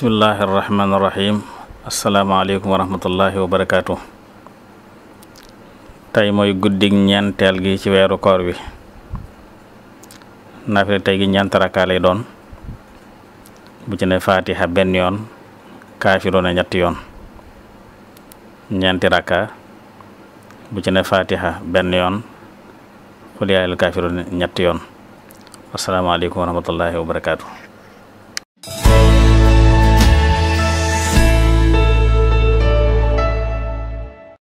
bismillahi irrahmani irrahim asalaamaaleykum wa rahmatullahi wa barakaatu tey mooy guddig ñeenteel gi ci weeru koor wi naafila tey gi ñeent rakkaa lay doon bu ci ne faatiha benn yoon kaafiruuna ñetti yoon ñeenti rakka bu ci ne benn yoon xul yaayal kaafiruuna ñetti